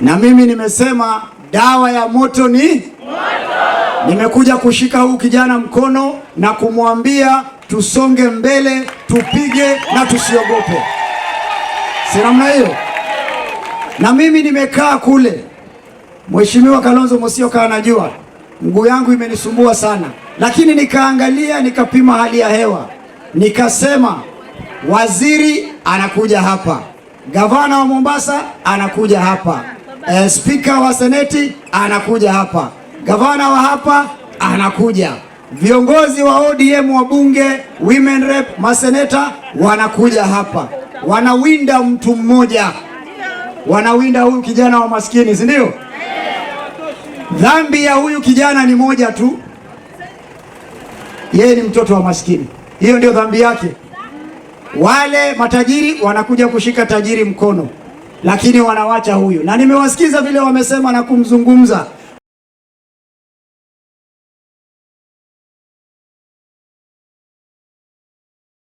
na mimi nimesema dawa ya moto ni moto. Nimekuja kushika huu kijana mkono na kumwambia tusonge mbele, tupige na tusiogope, si namna hiyo? Na mimi nimekaa kule, Mheshimiwa Kalonzo Musyoka anajua mguu yangu imenisumbua sana, lakini nikaangalia, nikapima hali ya hewa, nikasema waziri anakuja hapa, gavana wa Mombasa anakuja hapa eh, spika wa seneti anakuja hapa, gavana wa hapa anakuja, viongozi wa ODM wa bunge, women rep, maseneta wanakuja hapa, wanawinda mtu mmoja, wanawinda huyu kijana wa maskini, si ndio? Dhambi ya huyu kijana ni moja tu, yeye ni mtoto wa maskini. Hiyo ndio dhambi yake. Wale matajiri wanakuja kushika tajiri mkono lakini wanawacha huyu, na nimewasikiza vile wamesema na kumzungumza